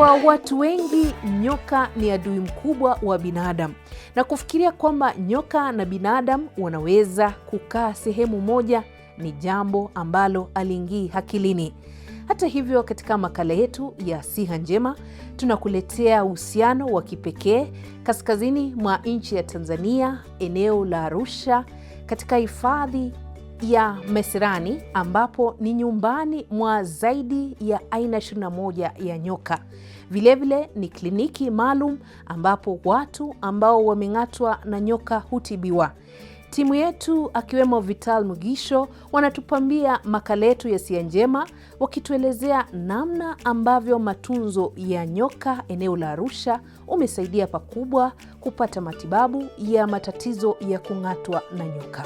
Kwa watu wengi nyoka ni adui mkubwa wa binadamu, na kufikiria kwamba nyoka na binadamu wanaweza kukaa sehemu moja ni jambo ambalo aliingii akilini. Hata hivyo, katika makala yetu ya Siha Njema tunakuletea uhusiano wa kipekee kaskazini mwa nchi ya Tanzania, eneo la Arusha, katika hifadhi ya Mesirani ambapo ni nyumbani mwa zaidi ya aina 21 ya nyoka. Vilevile vile ni kliniki maalum ambapo watu ambao wameng'atwa na nyoka hutibiwa. Timu yetu akiwemo Vital Mugisho wanatupambia makala yetu ya Sia Njema, wakituelezea namna ambavyo matunzo ya nyoka eneo la Arusha umesaidia pakubwa kupata matibabu ya matatizo ya kung'atwa na nyoka.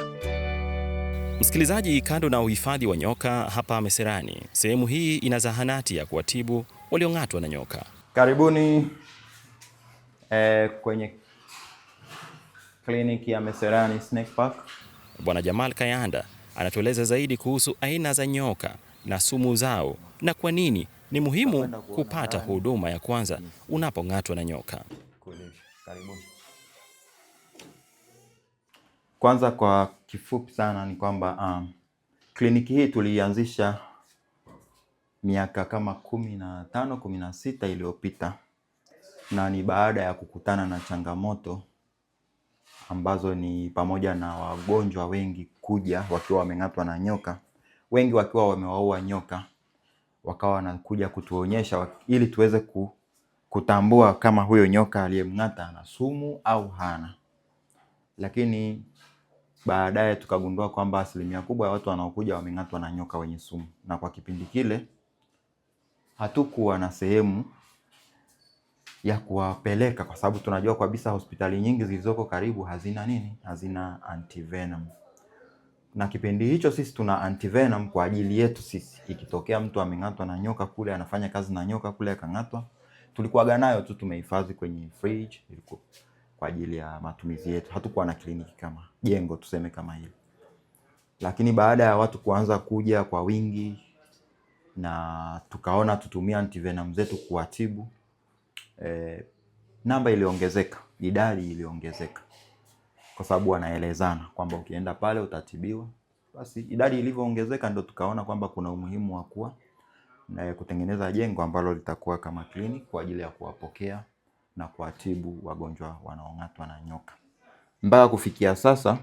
Msikilizaji, kando na uhifadhi wa nyoka hapa Meserani, sehemu hii ina zahanati ya kuwatibu waliong'atwa na nyoka. Karibuni eh, kwenye kliniki ya Meserani Snake Park. Bwana Jamal Kayanda anatueleza zaidi kuhusu aina za nyoka na sumu zao na kwa nini ni muhimu kupata huduma ya kwanza unapong'atwa na nyoka. Kwanza kwa kifupi sana ni kwamba um, kliniki hii tulianzisha miaka kama kumi na tano kumi na sita iliyopita na ni baada ya kukutana na changamoto ambazo ni pamoja na wagonjwa wengi kuja wakiwa wameng'atwa na nyoka, wengi wakiwa wamewaua nyoka, wakawa wanakuja kutuonyesha ili tuweze ku, kutambua kama huyo nyoka aliyemng'ata ana sumu au hana, lakini Baadaye tukagundua kwamba asilimia kubwa ya watu wanaokuja wameng'atwa na nyoka wenye sumu, na kwa kipindi kile hatukuwa na sehemu ya kuwapeleka kwa sababu tunajua kabisa hospitali nyingi zilizoko karibu hazina nini, hazina antivenom. Na kipindi hicho sisi tuna antivenom kwa ajili yetu sisi, ikitokea mtu ameng'atwa na nyoka kule, anafanya kazi na nyoka kule akang'atwa, tulikuwa nayo tu tumehifadhi kwenye fridge ilikuwa kwa ajili ya matumizi yetu. Hatukuwa na kliniki kama jengo tuseme kama hili, lakini baada ya watu kuanza kuja kwa wingi na tukaona tutumia antivenom zetu kuwatibu e, namba iliongezeka, idadi iliongezeka kwa sababu wanaelezana kwamba ukienda pale utatibiwa. Basi idadi ilivyoongezeka ndo tukaona kwamba kuna umuhimu wa kuwa na kutengeneza jengo ambalo litakuwa kama kliniki kwa ajili ya kuwapokea na kuwatibu wagonjwa wanaong'atwa na nyoka. Mpaka kufikia sasa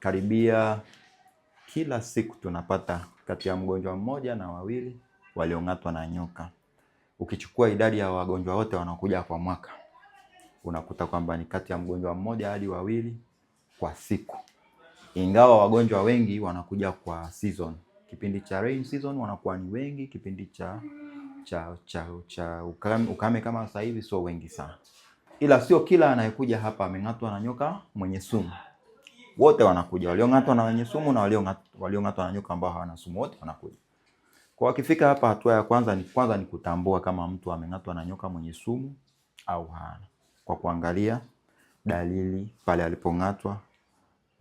karibia kila siku tunapata kati ya mgonjwa mmoja na wawili waliong'atwa na nyoka. Ukichukua idadi ya wagonjwa wote wanaokuja kwa mwaka, unakuta kwamba ni kati ya mgonjwa mmoja hadi wawili kwa siku, ingawa wagonjwa wengi wanakuja kwa season. Kipindi cha rain season wanakuwa ni wengi, kipindi cha cha, cha, cha ukame, ukame kama sasa hivi sio wengi sana, ila sio kila anayekuja hapa ameng'atwa na nyoka mwenye sumu. Wote wanakuja waliong'atwa na wenye sumu na waliong'atwa na nyoka ambao hawana sumu, wote wanakuja. Kwa wakifika hapa, hatua ya kwanza ni kwanza ni kutambua kama mtu ameng'atwa na nyoka mwenye sumu au hana, kwa kuangalia dalili pale alipong'atwa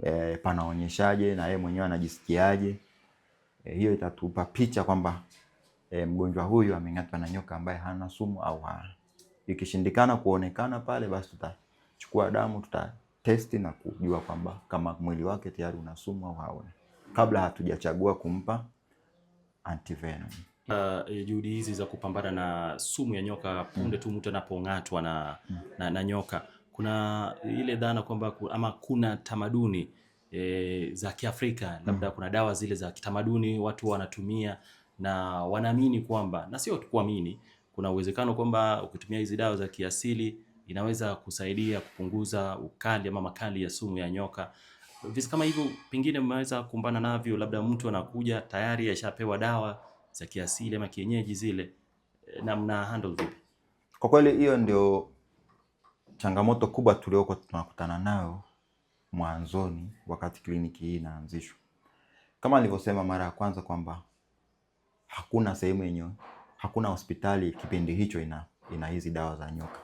e, panaonyeshaje na yeye mwenyewe anajisikiaje. E, hiyo itatupa picha kwamba e, mgonjwa huyu ameng'atwa na nyoka ambaye hana sumu au hana. Ikishindikana kuonekana pale, basi tutachukua damu, tutatesti na kujua kwamba kama mwili wake tayari una sumu au hauna, kabla hatujachagua kumpa antivenom. Uh, juhudi hizi za kupambana na sumu ya nyoka punde mm. tu mtu anapong'atwa na, mm. na, na nyoka, kuna ile dhana kwamba ama kuna tamaduni e, za Kiafrika labda mm. kuna dawa zile za kitamaduni watu wanatumia na wanaamini kwamba, na sio kuamini, kuna uwezekano kwamba ukitumia hizi dawa za kiasili inaweza kusaidia kupunguza ukali ama makali ya sumu ya nyoka. Visa kama hivyo pengine mmeweza kukumbana navyo, labda mtu anakuja tayari ashapewa dawa za kiasili ama kienyeji zile, eh, na mna handle vipi? Kwa kweli hiyo ndio changamoto kubwa tulioko tunakutana nayo mwanzoni, wakati kliniki hii inaanzishwa. Kama nilivyosema mara ya kwanza kwamba hakuna sehemu yenye, hakuna hospitali kipindi hicho ina ina hizi dawa za nyoka.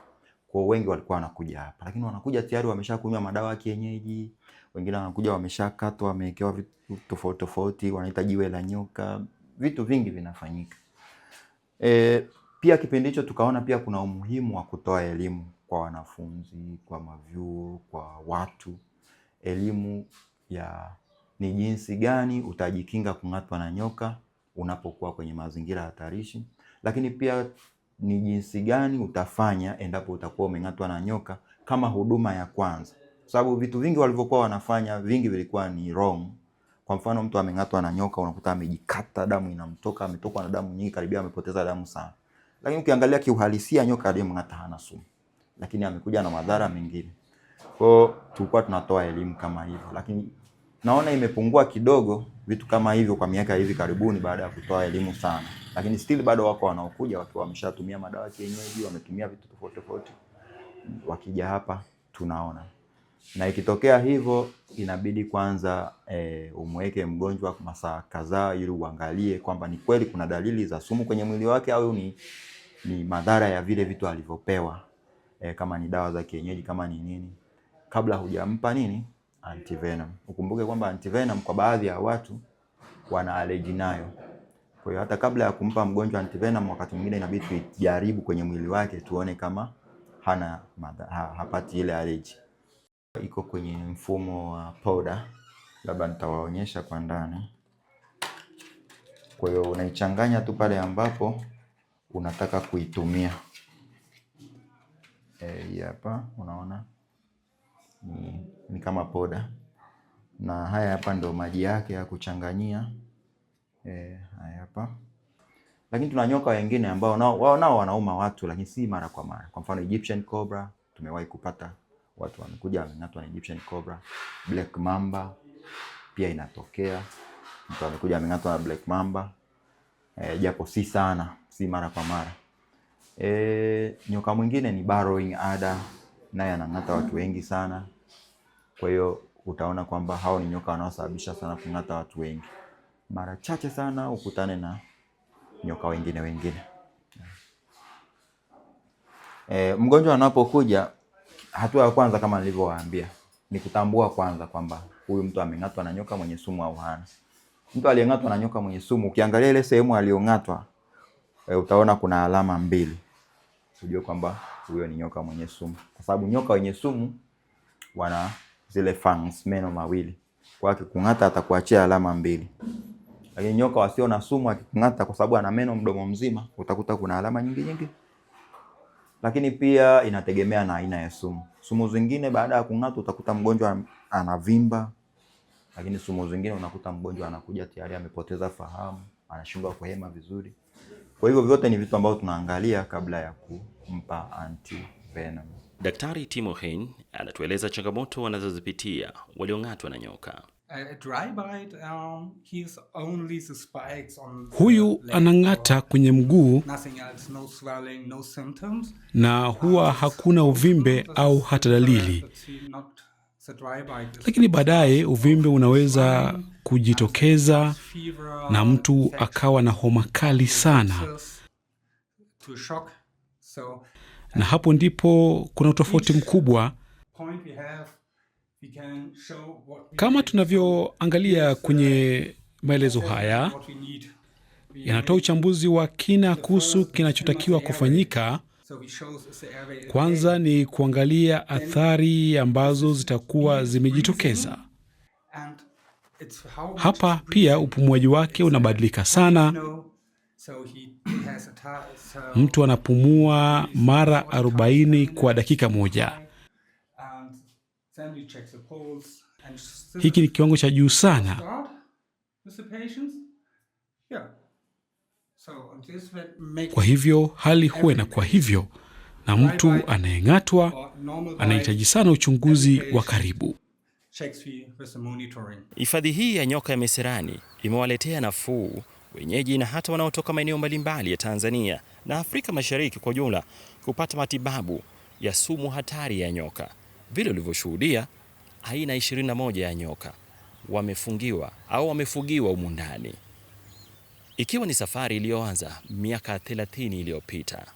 Kwa wengi walikuwa wanakuja hapa, lakini wanakuja tayari wameshakunywa madawa ya kienyeji, wengine wanakuja wameshakatwa, wamewekewa vitu tofauti tofauti, wanaita jiwe la nyoka, vitu vingi vinafanyika. E, pia kipindi hicho tukaona pia kuna umuhimu wa kutoa elimu kwa wanafunzi, kwa mavyuo, kwa watu, elimu ya ni jinsi gani utajikinga kung'atwa na nyoka unapokuwa kwenye mazingira hatarishi, lakini pia ni jinsi gani utafanya endapo utakuwa umeng'atwa na nyoka kama huduma ya kwanza, sababu vitu vingi walivyokuwa wanafanya vingi vilikuwa ni wrong. Kwa mfano, mtu ameng'atwa na nyoka, unakuta amejikata, damu inamtoka, ametokwa na damu nyingi, karibia amepoteza damu sana, lakini ukiangalia kiuhalisia, nyoka aliyemng'ata hana sumu, lakini amekuja na madhara mengine. Kwa tulikuwa tunatoa elimu kama hivyo, lakini naona imepungua kidogo vitu kama hivyo kwa miaka hivi karibuni, baada ya kutoa elimu sana, lakini still bado wako wanaokuja wakiwa wameshatumia madawa kienyeji, wametumia vitu tofauti tofauti, wakija hapa tunaona. Na ikitokea hivyo, inabidi kwanza e, umweke mgonjwa masaa kadhaa, ili uangalie kwamba ni kweli kuna dalili za sumu kwenye mwili wake au ni, ni madhara ya vile vitu alivyopewa, e, kama ni dawa za kienyeji, kama ni nini, kabla hujampa nini antivenom. Ukumbuke kwamba antivenom kwa baadhi ya watu wana allergy nayo. Kwa hiyo hata kabla ya kumpa mgonjwa antivenom, wakati mwingine inabidi tuijaribu kwenye mwili wake tuone kama hana ha, hapati ile allergy. Iko kwenye mfumo wa powder, labda nitawaonyesha kwa ndani. Kwa hiyo unaichanganya tu pale ambapo unataka kuitumia. E, hapa unaona ni, ni kama poda, na haya hapa ndo maji yake ya kuchanganyia e, haya hapa. Lakini tuna nyoka wengine ambao nao wao nao wanauma watu, lakini si mara kwa mara. Kwa mfano Egyptian cobra tumewahi kupata watu wamekuja wamengatwa na Egyptian cobra. Black mamba pia inatokea, mtu amekuja amengatwa na black mamba e, japo si sana, si mara kwa mara. E, nyoka mwingine ni burrowing adder, naye anang'ata watu wengi sana. Kwa hiyo utaona kwamba hao ni nyoka wanaosababisha sana kung'ata watu wengi. Mara chache sana ukutane na nyoka wengine wengine. E, mgonjwa anapokuja, hatua ya kwanza kama nilivyowaambia ni kutambua kwanza kwamba huyu mtu ameng'atwa na nyoka mwenye sumu au hana. Mtu aliyeng'atwa na nyoka mwenye sumu, ukiangalia ile sehemu aliyong'atwa, e, utaona kuna alama mbili, ujue kwamba huyo ni nyoka mwenye sumu, kwa sababu nyoka wenye sumu wana zile fangs, meno mawili. Kwa akikung'ata atakuachia alama mbili. Lakini nyoka wasio na sumu akikung'ata, kwa sababu ana meno mdomo mzima, utakuta kuna alama nyingi nyingi. Lakini pia inategemea na aina ya sumu. Sumu zingine baada ya kung'ata utakuta mgonjwa anavimba, lakini sumu zingine unakuta mgonjwa anakuja tayari amepoteza fahamu, anashindwa kuhema vizuri. Kwa hivyo vyote ni vitu ambavyo tunaangalia kabla ya kumpa anti venom. Daktari Timo Hein anatueleza changamoto wanazozipitia waliong'atwa na nyoka. Um, Huyu anang'ata kwenye mguu na um, huwa hakuna uvimbe au hata dalili, lakini baadaye uvimbe unaweza kujitokeza um, na mtu akawa na homa kali sana na hapo ndipo kuna utofauti mkubwa. Kama tunavyoangalia kwenye uh, maelezo haya, yanatoa uchambuzi wa kina kuhusu kinachotakiwa kufanyika. Kwanza ni kuangalia athari ambazo zitakuwa e. zimejitokeza. Hapa pia upumuaji wake unabadilika sana Mtu anapumua mara 40 kwa dakika moja. Hiki ni kiwango cha juu sana. Kwa hivyo hali huwa inakuwa hivyo, na mtu anayeng'atwa anahitaji sana uchunguzi wa karibu. Hifadhi hii ya nyoka ya Meserani imewaletea nafuu wenyeji na hata wanaotoka maeneo mbalimbali ya Tanzania na Afrika Mashariki kwa jumla kupata matibabu ya sumu hatari ya nyoka. Vile ulivyoshuhudia, aina 21 ya nyoka wamefungiwa au wamefugiwa humu ndani, ikiwa ni safari iliyoanza miaka 30 iliyopita.